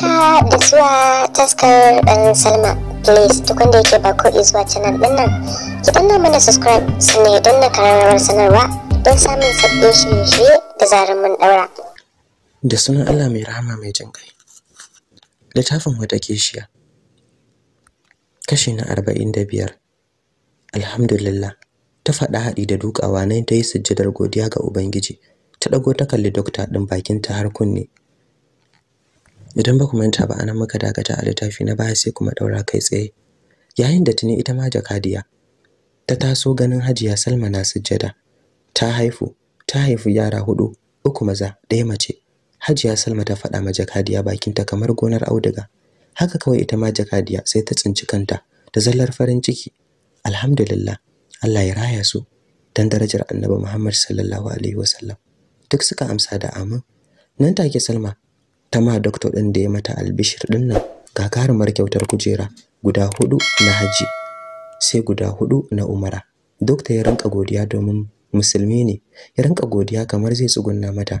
haka da zuwa taskar dan salma please duk wanda yake ba ko zuwa canal din nan ki danna mana subscribe sannan ya danna karamar sanarwa don samun sabbin shirye-shirye da zarar mun daura da sunan allah mai rahama mai jin kai littafin wata keshiya kashi na arba'in da biyar alhamdulillah ta faɗa haɗi da dukawa nan ta yi sujjadar godiya ga ubangiji ta ɗago ta kalli dokta ɗin bakinta har kunne idan ba ku manta ba anan muka dakata a littafi na baya sai kuma daura kai tsaye yayin da tuni ita ma jakadiya ta taso ganin Hajiya Salma na sujjada ta haifu ta haifu yara hudu uku maza ɗaya mace Hajiya Salma ta faɗa ma jakadiya bakinta kamar gonar auduga haka kawai ita ma jakadiya sai ta tsinci kanta da zallar farin ciki alhamdulillah Allah ya raya su dan darajar Annabi Muhammad sallallahu alaihi wasallam duk suka amsa da amin nan take Salma ta ma doctor din da ya mata albishir din nan karamar kyautar kujera guda hudu na haji sai guda hudu na umara doctor ya rinka godiya domin musulmi ne ya rinka godiya kamar zai tsugunna mata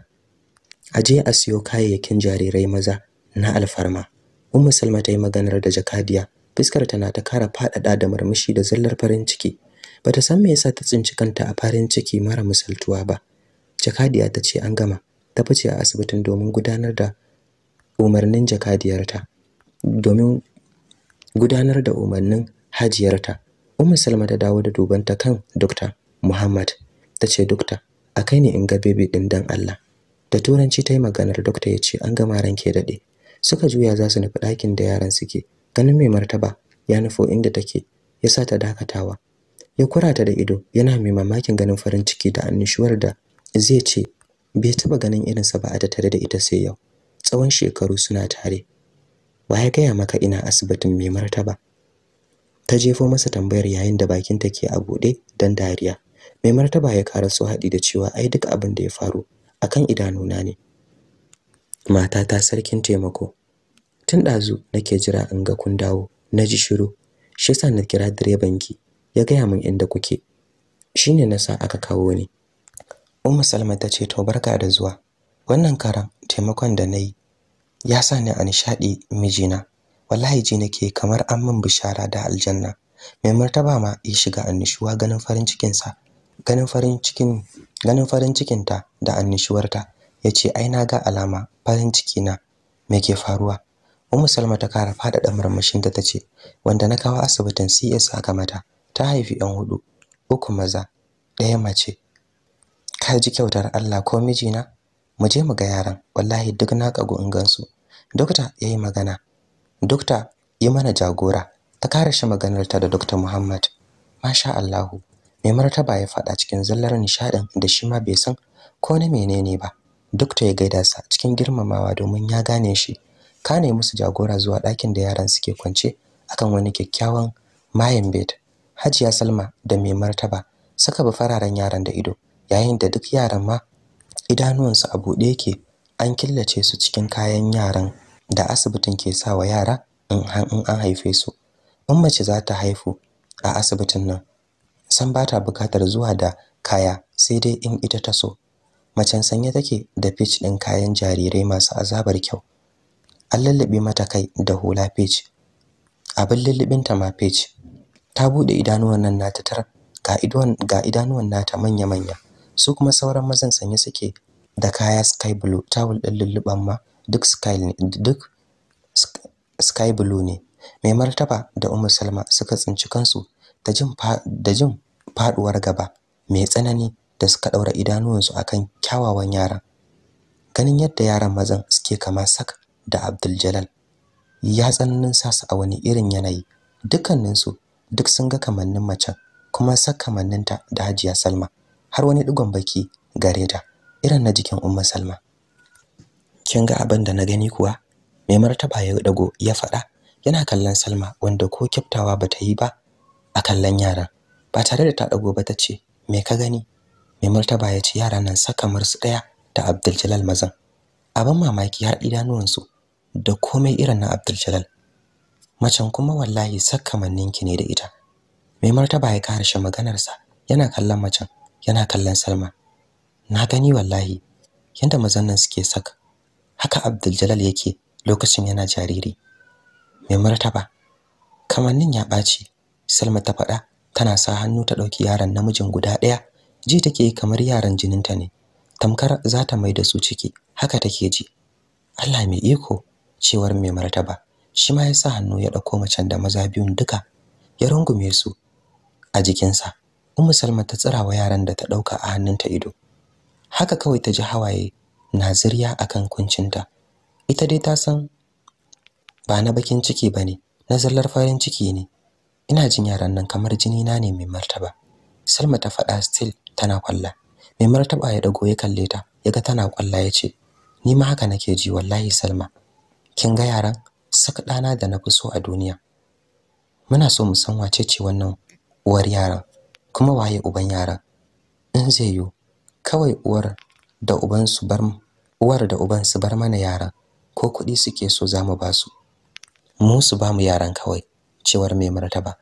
aje a siyo kayayyakin jarirai maza na alfarma ummu salma ta yi maganar da jakadiya ta na ta kara faɗaɗa da murmushi da zallar farin ciki bata san me yasa ta tsinci kanta a farin ciki mara misaltuwa ba jakadiya ta ce an gama ta fice a asibitin domin gudanar da umarnin jakadiyarta domin gudanar da umarnin hajiyarta Ummu Salma ta dawo da duban ta kan Dr. Muhammad ta ce dokta a kai ne in ga bebe din dan Allah da turanci ta yi maganar Dokta ya ce an gama ranke daɗe suka juya za su nufi ɗakin da yaran suke ganin mai martaba ya nufo inda take ya sa ta dakatawa ya kura ta da ido yana mai mamakin ganin farin ciki da annishuwar da zai ce bai taɓa ganin irinsa ba a tattare da ita sai yau tsawon shekaru suna tare wa ya gaya maka ina asibitin mai martaba ta jefo masa tambayar yayin da bakinta ke a buɗe don dariya mai martaba ya kara su haɗi da cewa ai duk abin da ya faru akan idanuna ne matata sarkin taimako tun ɗazu nake jira in ga kun dawo na ji shiru shi yasa na kira direban ki ya gaya min inda kuke shine na sa aka kawo ni umma salma ta ce to barka da zuwa wannan karan taimakon da na yi ya sa ni a nishaɗi mijina wallahi ji nake kamar an min bishara da aljanna mai martaba ma ya shiga annishuwa ganin farin cikinsa ganin farin cikin ganin farin cikinta da annishuwarta ya ce ai na ga alama farin ciki na me ke faruwa Ummu Salma ta kara faɗaɗa murmushin da ta ce wanda na kawo asibitin CS aka mata ta haifi yan hudu uku maza ɗaya mace ka ji kyautar Allah ko mijina mu je mu ga yaran wallahi duk na kago in gansu dokta yayi magana dokta yi mana jagora ta kare shi maganar ta da dokta Muhammad masha Allah mai martaba ya fada cikin zallar nishadin da shi ma bai san ko na menene ba dokta ya gaida sa cikin girmamawa domin ya gane shi Ka ne musu jagora zuwa ɗakin da yaran suke kwance akan wani kyakkyawan mayan bed Hajiya Salma da mai martaba suka bi fararen yaran da ido yayin da duk yaran ma idanuwansu a buɗe yake an killace su cikin kayan yaran da asibitin ke sawa yara in an haife su in mace za ta haifu a asibitin nan san ba ta bukatar zuwa da kaya sai dai in ita ta so macen sanye take da fic ɗin kayan jarirai masu azabar kyau an lallaɓe mata kai da hula peach abin lullubinta ma peach ta buɗe idanuwan nan nata tar ga idanuwan nata manya-manya su kuma sauran mazan sanye suke da kaya sky blue tawul din lulluban ma duk sky duk sky blue ne mai martaba da Ummu Salma suka tsinci kansu da jin da jin faduwar gaba mai tsanani da suka daura idanuwansu akan kyawawan yaran ganin yadda yaran mazan suke kama sak da Abdul Jalal ya tsananin sasu a wani irin yanayi dukkaninsu duk sun ga kamannin macen kuma sak kamanninta da Hajiya Salma har wani digon baki gare ta irin na jikin umma salma kin ga abin da na gani kuwa mai martaba ya dago ya faɗa yana kallon salma wanda ko kyaftawa bata yi ba a kallon yaran ba tare da ta dago ba ta ce me ka gani mai martaba ya ce yaran nan saka su ɗaya da abdul mazan abin mamaki har idanuwansu da komai irin na abdul macen kuma wallahi sakkamanninki ne da ita mai martaba ya karshe maganarsa yana kallon macen yana kallon Salma na gani wallahi yanda mazan nan suke saka haka Abdul Jalal yake lokacin yana jariri mai martaba kamannin ya ɓaci Salma ta faɗa tana sa hannu ta ɗauki yaran namijin guda ɗaya ji take kamar yaran jininta ne tamkar za ta mai da su ciki haka take ji Allah mai iko cewar mai martaba shi ma ya sa hannu ya ɗauko macen da maza biyun duka ya rungume su a jikinsa Ummu Salma ta tsirawa yaran da ta dauka a hannunta ido. Haka kawai ta ji hawaye na zirya akan kuncinta. Ita dai ta san ba na bakin ciki bane, na zallar farin ciki ne. Ina jin yaran nan kamar jini na ne mai martaba. Salma ta faɗa still tana kwalla. Mai martaba ya dago ya kalle ta, yaga tana kwalla ya ce, "Ni ma haka nake ji wallahi Salma. Kin ga yaran saka ɗana da na fi so a duniya." Muna so mu san wace ce wannan uwar yaran. kuma waye uban yaran in zai yiwu kawai uwar da uban su bar uwar da uban su bar mana yaran ko kuɗi suke so za mu ba su mu su ba mu yaran kawai cewar mai martaba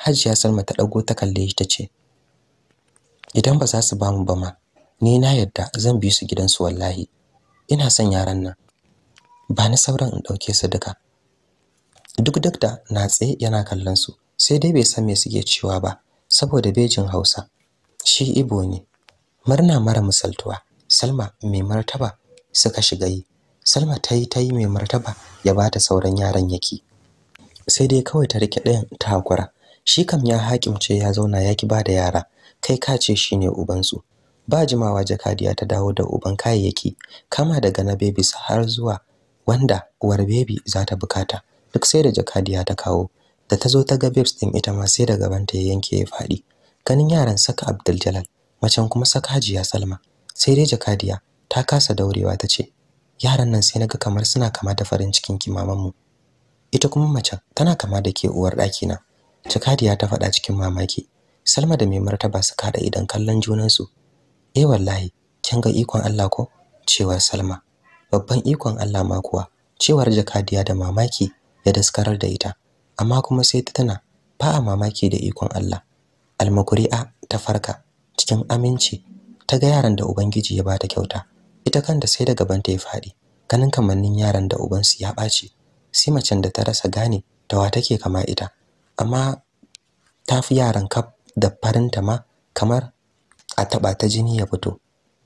hajjiya salma ta ɗago ta kalle shi ta idan ba za su ba mu ba ma ni na yadda zan bi su gidansu wallahi ina son yaran nan ba ni sauran in ɗauke su duka duk duk na tsaye yana kallon su sai dai bai san me suke cewa ba saboda bejin Hausa shi Ibo ne murna mara misaltuwa Salma mai martaba suka shiga yi Salma ta yi ta yi mai martaba ya bata sauran yaran yake sai dai kawai ta rike ɗayan ta hakura shi kam ya hakimce ya zauna ya ki bada yara kai ka ce shine ubansu ba jimawa jakadiya ta dawo da uban kayayyaki kama daga na babies har zuwa wanda uwar baby za ta bukata duk sai da jakadiya ta kawo da ta zo ta ga babes din ita ma sai daga gabanta ya yanke ya faɗi ganin yaran saka Abdul Jalal macen kuma saka Hajiya Salma sai dai Jakadiya ta kasa daurewa ta ce yaran nan sai naga kamar suna kama da farin cikin kimaman mu ita kuma macen tana kama da ke uwar ɗaki na Jakadiya ta faɗa cikin mamaki Salma da mai martaba suka haɗa idan kallon junansu eh wallahi kin ga ikon Allah ko cewar Salma babban ikon Allah ma kuwa cewar Jakadiya da mamaki ya daskarar da ita amma kuma sai ta tana ba a mamaki da ikon Allah almukuri'a ta farka cikin aminci ta ga yaran da ubangiji ya bata kyauta ita kanta sai da ta ya faɗi ganin kamannin yaran da ubansu ya ɓaci sai macen da ta rasa gane da wa take kama ita amma ta fi yaran kaf da farinta ma kamar a taɓa ta jini ya fito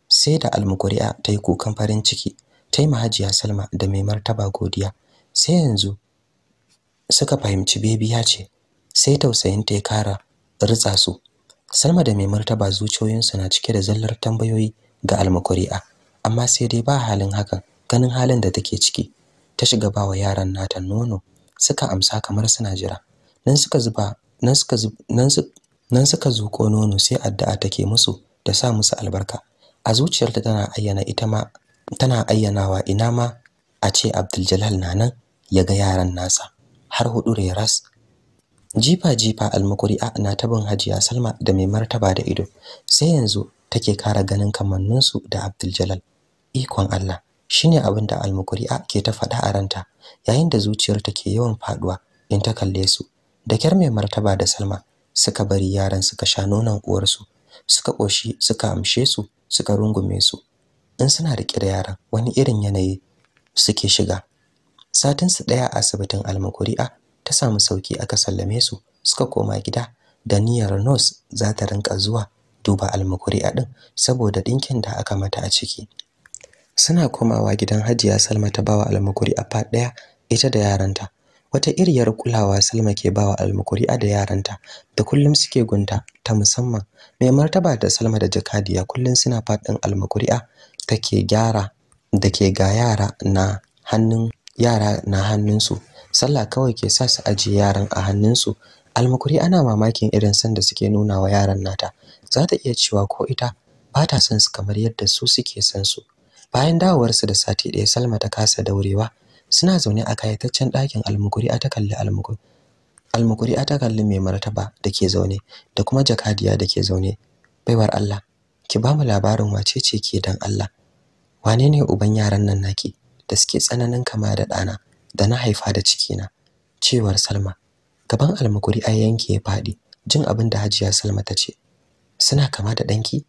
sai da almukuri'a ta yi kukan farin ciki ta yi mahajiya salma da mai martaba godiya sai yanzu suka fahimci bebiya ce sai tausayin ta ya kara ritsa su salma da mai martaba zuciyoyinsu na cike da zallar tambayoyi ga almakuri'a amma sai dai ba halin hakan ganin halin da take ciki ta shiga bawa yaran nata nono suka amsa kamar suna jira nan suka zuba nan suka nan su nan suka zuko nono sai addu'a take musu da sa musu albarka a zuciyarta tana ayyana ita ma tana ayyanawa ina ma a ce Abdul na nan ya ga yaran nasa har hudu ras jifa jifa almukuri'a na tabin hajiya salma da mai martaba da ido sai yanzu take kara ganin kamanninsu da abdul ikon allah shine abin da almukuri'a ke ta faɗa a ranta yayin da zuciyarta ke yawan faɗuwa in ta kalle su da kyar mai martaba da salma suka bari yaran suka sha nonon uwarsu suka ƙoshi suka amshe su suka rungume su in suna riƙe da yaran wani irin yanayi suke shiga satin su daya a asibitin almakuri'a ta samu sauki aka sallame su suka koma gida da niyyar nos za ta rinka zuwa duba almakuri'a din saboda ɗinkin da aka mata a ciki suna komawa gidan Hajiya Salma ta bawa almakuri'a fa daya ita da yaranta wata iriyar kulawa Salma ke bawa almukuri'a da yaranta da kullum suke gunta ta musamman mai martaba da Salma da Jakadiya kullum suna fadin almukuri'a take gyara da ke ga yara na hannun yara na hannunsu sallah kawai ke sa su ajiye yaran a hannunsu almukuri ana mamakin irin san da suke nuna wa yaran nata za ta iya cewa ko ita ba ta son su kamar yadda su suke san su bayan dawowarsu da sati ɗaya salma ta kasa daurewa suna zaune a kayataccen ɗakin almukuri a ta kalli almukuri a ta kalli mai martaba da ke zaune da kuma jakadiya da ke zaune baiwar Allah ki ba mu labarin wace ce ke dan Allah wane ne uban yaran nan naki da suke tsananin kama da ɗana da na haifa da cikina cewar Salma gaban almukuri a yanke ya faɗi jin abin da Hajiya Salma ta ce suna kama da ɗanki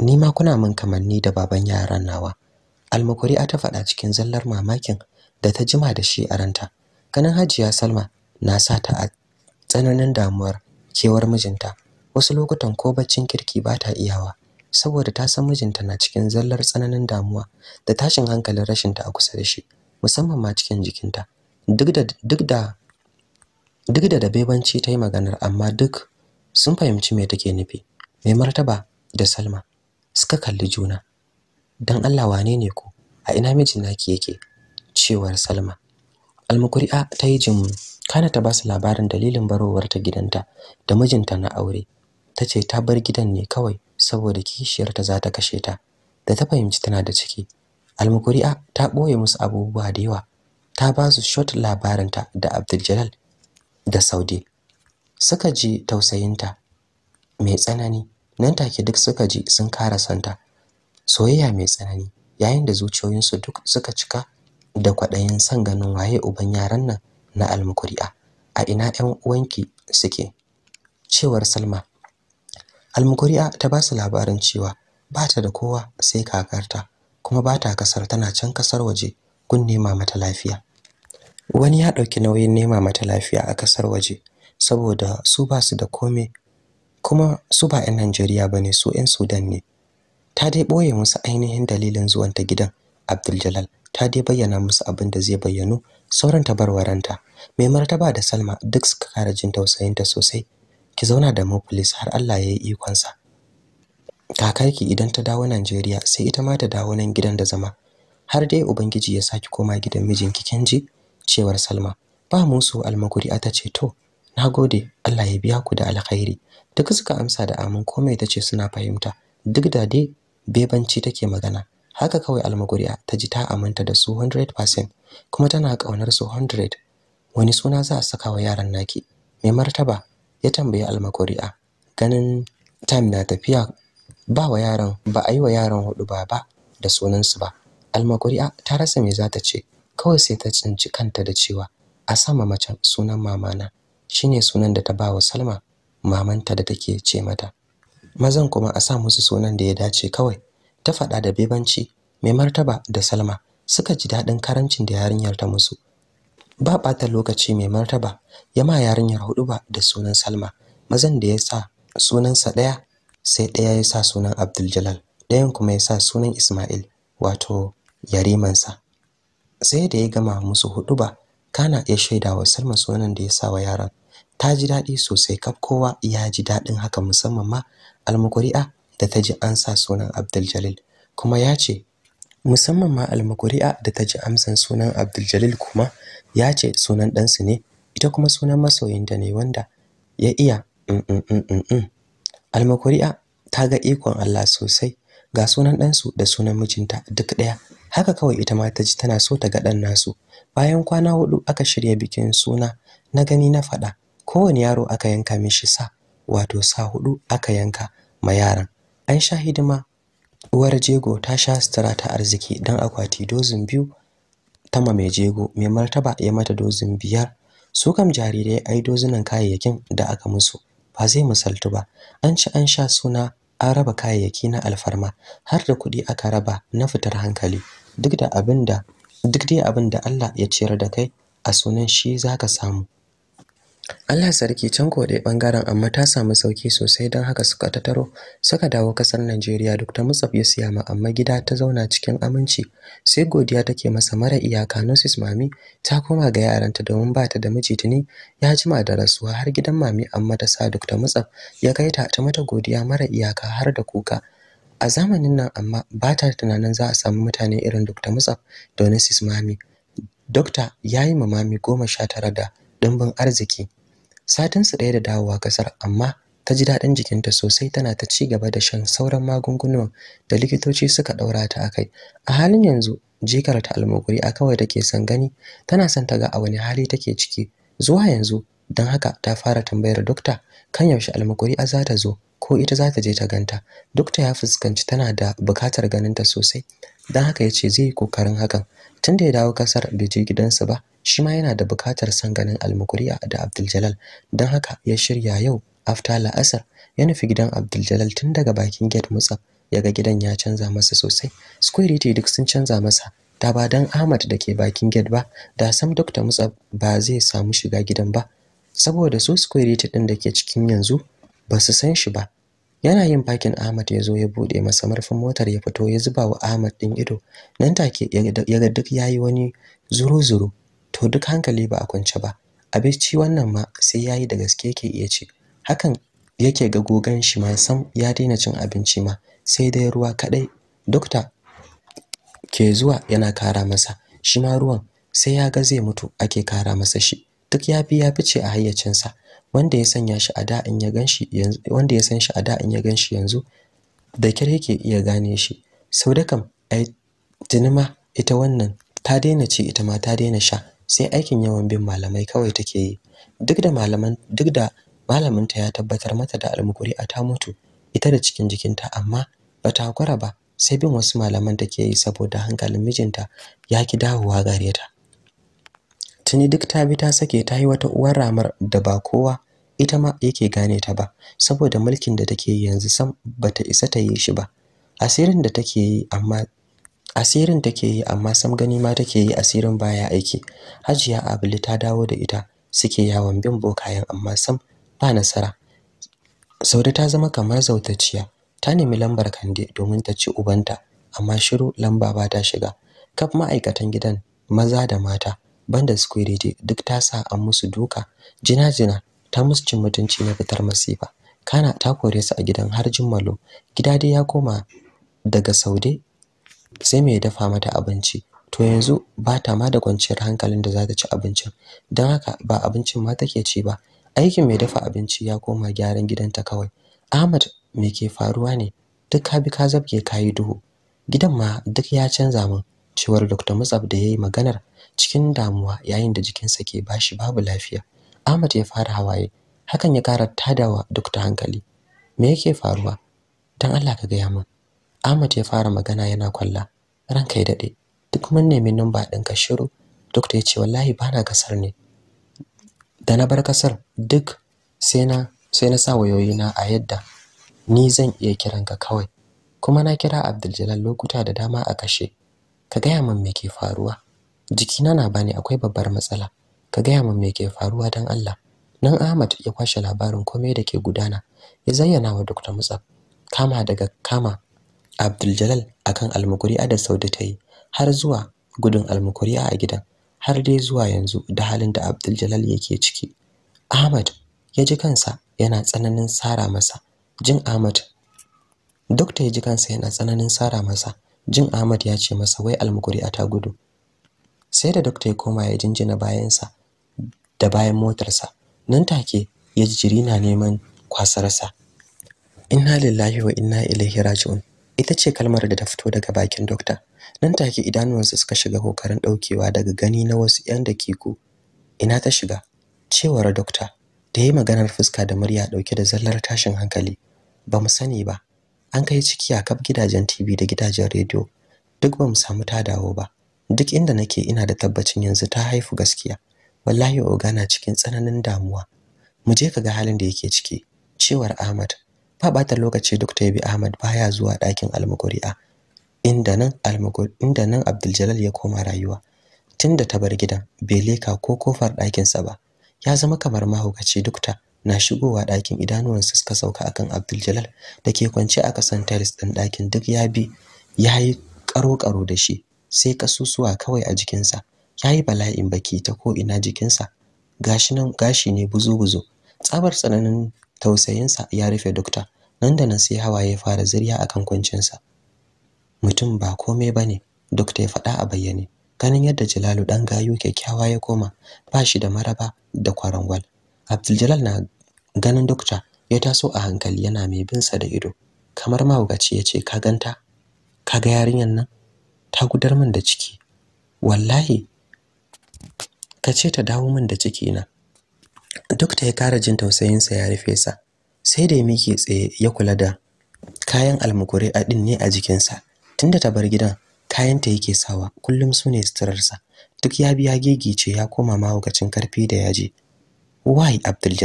ni ma kuna min kamanni da baban yaran nawa almukuri ta faɗa cikin zallar mamakin da ta jima da shi a ranta ganin Hajiya Salma na sa ta a tsananin damuwar kewar mijinta wasu lokutan ko baccin kirki ba ta iyawa saboda ta san mijinta na cikin zallar tsananin damuwa da tashin hankalin rashinta a kusa da shi musamman ma cikin jikinta duk da duk ta yi maganar amma duk sun fahimci me take nufi mai martaba da salma suka kalli juna don allah wane ne ku a ina mijin naki yake cewar salma almukuri'a ta yi jin kana ta ba su labarin dalilin barowar ta gidanta da mijinta na aure ta ce ta bar gidan ne kawai saboda kishiyarta za ta kashe ta da ta fahimci tana da ciki almukuri'a ta ɓoye musu abubuwa da yawa ta ba su shot labarinta da abdul da saudi suka ji tausayinta mai tsanani nan take duk suka ji sun kara santa soyayya mai tsanani yayin da zuciyoyinsu duk suka cika da kwaɗayin son ganin waye uban yaran nan na almukuri'a a ina 'yan uwanki suke cewar salma almukuri'a ta ba su labarin cewa ba ta da kowa sai kakarta kuma ba ta kasar tana can kasar waje gun nema mata lafiya wani ya ɗauki nauyin nema mata lafiya a kasar waje saboda su ba su da kome kuma su ba 'yan najeriya ba ne su 'yan sudan ne ta dai ɓoye musu ainihin dalilin zuwanta gidan abdul ta dai bayyana musu abin da zai bayyanu sauran tabarwaranta mai martaba da salma duk suka kara jin tausayinta sosai ki zauna da mu har Allah ya yi ikonsa kakarki idan ta dawo Najeriya sai ita ma ta dawo nan gidan da zama har dai ubangiji ya saki koma gidan mijinki Kenji cewar Salma ba musu almaguri ta ce to nagode Allah ya biya ku da alkhairi duk suka amsa da amin komai tace suna fahimta duk da dai bebanci take magana haka kawai almaguri'a ta ji ta aminta da su 100% kuma tana ƙaunar su 100 wani suna za a saka wa yaran naki mai martaba ya tambayi almakuri'a ganin time na tafiya ba wa yaran ba a yi wa yaran hudu ba ba da sunansu ba almakuri'a ta rasa me za ta ce kawai sai ta tsinci kanta da cewa a sama macen sunan mamana shine sunan da ta ba wa salma mamanta da take ce mata mazan kuma a sa musu sunan da ya dace kawai ta faɗa da bebanci mai martaba da salma suka ji daɗin karancin da yarinyar ta musu ba ɓata lokaci mai martaba ya ma yarinyar hudu ba da sunan Salma mazan da ya sa sunansa ɗaya sai ɗaya ya sa sunan Abdul Jalal ɗayan kuma ya sa sunan Ismail wato yarimansa sai da ya gama musu hudu ba kana ya shaida wa Salma sunan da ya sa wa yaran ta ji daɗi sosai kaf kowa ya ji daɗin haka musamman ma almukuri'a da ta ji an sa sunan Abdul Jalil kuma ya ce musamman ma almukuri'a da ta ji amsan sunan Abdul Jalil kuma ya ce sunan ɗansu ne ita kuma sunan masoyinta ne wanda ya iya mm, mm, mm, almakuri'a ta ga ikon Allah sosai ga sunan ɗansu da sunan mijinta duk ɗaya haka kawai ita ma ta ji tana so ta ga ɗan nasu bayan kwana hudu aka shirya bikin suna na gani na faɗa kowane yaro aka yanka mishi sa wato sa hudu aka yanka ma yaran an sha hidima uwar jego ta sha sutura ta arziki dan akwati dozin biyu tama mai jego mai martaba ya mata dozin biyar su kam jarirai ai dozinan kayayyakin da aka musu ba zai misaltu ba an ci an sha suna an raba kayayyaki na alfarma har da kuɗi aka raba na fitar hankali duk da abin duk dai abin da Allah ya ciyar da kai a sunan shi zaka samu Allah sarki can ko dai bangaren amma ta samu sauki sosai don haka suka taro, suka dawo kasar Najeriya duk ta Musab ya siya ma amma gida ta zauna cikin aminci sai godiya take masa mara iyaka Nosis Mami ta koma ga yaranta domin ba ta da miji tuni ya jima da rasuwa har gidan Mami amma ta sa duk ta Musab ya kai ta ta mata godiya mara iyaka har da kuka a zamanin nan amma ba ta tunanin za a samu mutane irin Dr. Musab da Nosis Mami Dokta ya yi mamami goma sha tara da dimbin arziki Satin su ɗaya da dawowa kasar amma ta ji daɗin jikinta sosai tana ta ci gaba da shan sauran magungunan da likitoci suka ɗaura ta kai, a halin yanzu jikar ta almuguri a kawai take son gani tana son ta ga a wani hali take ciki zuwa yanzu don haka ta fara tambayar dokta kan yaushe almuguri a za ta zo ko ita za ta je ta ganta dokta ya fuskanci tana da bukatar ganinta sosai don haka ya ce zai yi kokarin hakan tunda ya dawo ƙasar bai je gidansu ba shi ma yana da bukatar san ganin almukuriya da Abdul don haka ya shirya yau after la'asar ya nufi gidan Abdul tun daga bakin gate musa ya ga gidan ya canza masa sosai security duk sun canza masa da ba dan Ahmad da ke bakin gate ba da sam Dr. Mutsab ba zai samu shiga gidan ba saboda su security din da ke cikin yanzu ba su san shi ba yana yin pakin Ahmad ya zo ya bude masa murfin motar ya fito ya zuba wa Ahmad din ido nan take ya ga duk yayi wani zuru-zuru to duk hankali ba a kwance ba abinci wannan ma sai yayi da gaske yake iya ci hakan yake ga gogan shi ma sam ya daina cin abinci ma sai dai ruwa kadai dokta ke zuwa yana kara masa shi ma ruwan sai ya ga zai mutu ake kara masa shi duk ya fi ya fice a hayyacinsa wanda ya sanya shi a da in ya ganshi yanzu wanda ya san shi a da in ya ganshi yanzu da kire yake iya gane shi sau da kam ai tunima ita wannan ta daina ci ita ma ta daina sha sai aikin yawan bin malamai kawai take yi duk da malaman duk da malaminta ya tabbatar mata da almukuri a ta mutu ita da cikin jikinta amma bata hakura ba sai bin wasu malaman take yi saboda hankalin mijinta ya ki dawowa gare ta tuni duk ta bi ta sake ta yi wata uwar ramar da ba kowa ita ma yake gane ta ba saboda mulkin da take yanzu sam bata isa ta yi shi ba asirin da take yi amma asirin take yi amma sam gani ma take yi asirin baya aiki hajiya abili ta dawo da ita suke yawon bin bokayen amma sam ba nasara saude ta zama kamar zautacciya ta nemi lambar kande domin ta ci ubanta amma shiru lamba ba ta shiga kaf ma'aikatan gidan maza da mata banda security duk ta sa an musu duka jina-jina ta musu cin mutunci na fitar masifa kana ta kore su a gidan har jummalo gida dai ya koma daga saude sai me ya dafa mata abinci to yanzu ba ta ma da kwanciyar hankalin da za ta ci abincin don haka ba abincin ma take ci ba aikin mai dafa abinci ya koma gyaran gidanta kawai Ahmad me ke faruwa ne duk ka bi ka ka yi duhu gidan ma duk ya canza min cewar Dr. Musab da ya yi maganar cikin damuwa yayin da jikinsa ke bashi babu lafiya Ahmad ya fara hawaye hakan ya kara tadawa Dr. hankali me yake faruwa Don Allah ka gaya min Ahmad ya fara magana yana kwalla ranka ya dade duk mun nemi number ɗinka shiru doctor ya ce wallahi bana kasar ne da na bar kasar duk sai na sai na sa wayoyi na a yadda ni zan iya kiran ka kawai kuma na kira Abdul lokuta da dama a kashe ka gaya min me ke faruwa jikina na bani akwai babbar matsala ka gaya min me ke faruwa dan Allah nan Ahmad ya kwashe labarin komai da ke gudana ya zayyana wa Dr. Musab kama daga kama Abdul akan almukuri'a da Saude ta yi har zuwa gudun almukuri'a a gidan har dai zuwa yanzu da halin da Abdul yake ciki. Ahmad ya ji kansa yana tsananin sara masa jin Ahmad Dokta ya ji kansa yana tsananin sara masa jin Ahmad ya ce masa wai almukuri'a ta gudu. Sai da dokta ya koma ya jinjina bayansa da bayan motarsa nan take ya ji jiri na neman kwasarsa. Inna lillahi wa inna ilaihi raji'un. ita ce kalmar da ta fito daga bakin dokta nan take idanuwansa suka shiga kokarin daukewa daga gani na wasu yan dakiku ina ta shiga cewar dokta da yi maganar fuska da murya dauke da zallar tashin hankali ba mu sani ba an kai ciki a kaf gidajen TV da gidajen rediyo duk ba mu samu ta dawo ba duk inda nake ina da tabbacin yanzu ta haifu gaskiya wallahi ogana cikin tsananin damuwa mu je ka ga halin da yake ciki cewar Ahmad ba ta lokaci Dr. Yabi Ahmad baya zuwa ɗakin almuguri'a inda nan almuguri inda nan Abdul ya koma rayuwa tunda ta bar gidan bai leka ko kofar ɗakin sa ba ya zama kamar mahaukaci ta, na shigowa ɗakin idanuwansa suka sauka akan Abdul Jalal da ke kwance a kasan tiles ɗin ɗakin duk ya bi ya yi karo-karo da shi sai kasusuwa kawai a jikinsa ya yi bala'in baki ta ko ina jikinsa gashi gashi ne buzu-buzu tsabar tsananin tausayinsa ya rufe dokta nan da nan sai hawaye fara zirya akan kuncinsa mutum ba komai bane dokta ya faɗa a bayyane ganin yadda Jalalu dan gayu kyakkyawa ya koma ba shi da maraba da kwarangwal Abdul na ganin dokta ya taso a hankali yana mai bin sa da ido kamar mahaukaci ya ce ka ganta ka ga yarinyar nan ta gudar min da ciki wallahi ka ce ta dawo min da ciki na duk da ya kara jin tausayinsa ya rufe sa sai da ya miƙe tsaye ya kula da kayan almukurai a ɗin ne a jikinsa tunda ta bar gidan kayanta yake sawa kullum su ne suturarsa duk ya biya gigice, ya koma mahaukacin karfi da yaji why abdul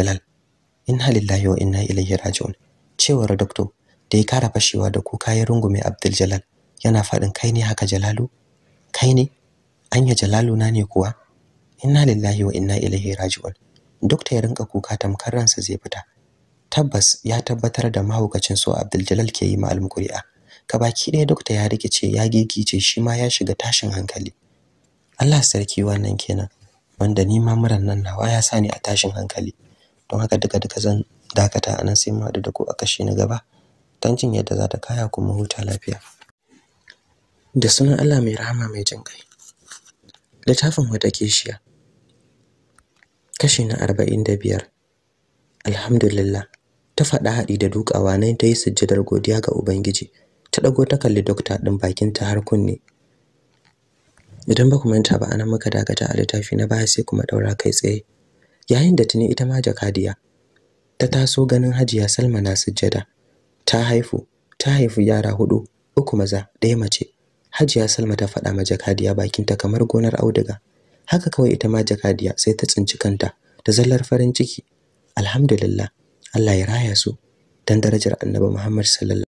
inna lillahi wa inna ilaihi raji'un cewar dokto da ya kara fashewa da kuka ya rungume abdul yana faɗin kai ne haka jalalu kai ne anya jalalu na ne kuwa inna lillahi wa inna ilaihi raji'un duk ta rinka kuka tamkar ransa zai fita tabbas ya tabbatar da mahaukacin so Abdul ke yi ma Ka baki ɗaya dokta ya rikice ya gigice shi ma ya shiga tashin hankali Allah sarki wannan kenan wanda ni ma muran nan nawa ya sa ni a tashin hankali don haka duka duka zan dakata anan sai mu haɗu da ku a na gaba don jin yadda za ta kaya kuma huta lafiya da sunan Allah mai rahama mai jin kai littafin wata keshiya kashi na arba'in da 45 alhamdulillah ta faɗa haɗi da dukawa nan ta yi sujjadar godiya ga ubangiji ta ɗago ta kalli dokta ɗin bakinta har kunne idan ba ku manta ba anan muka dakata a littafi na baya sai kuma ɗaura kai tsaye yayin da tuni ita ma jakadiya ta taso ganin hajiya salma na sujjada ta haifu ta haifu yara hudu uku maza ɗaya mace hajiya salma ta faɗa ma jakadiya bakinta kamar gonar auduga haka kawai ita ma jakadiya sai ta tsinci kanta ta zallar farin ciki alhamdulillah Allah ya raya su dan darajar annabi Muhammad sallallahu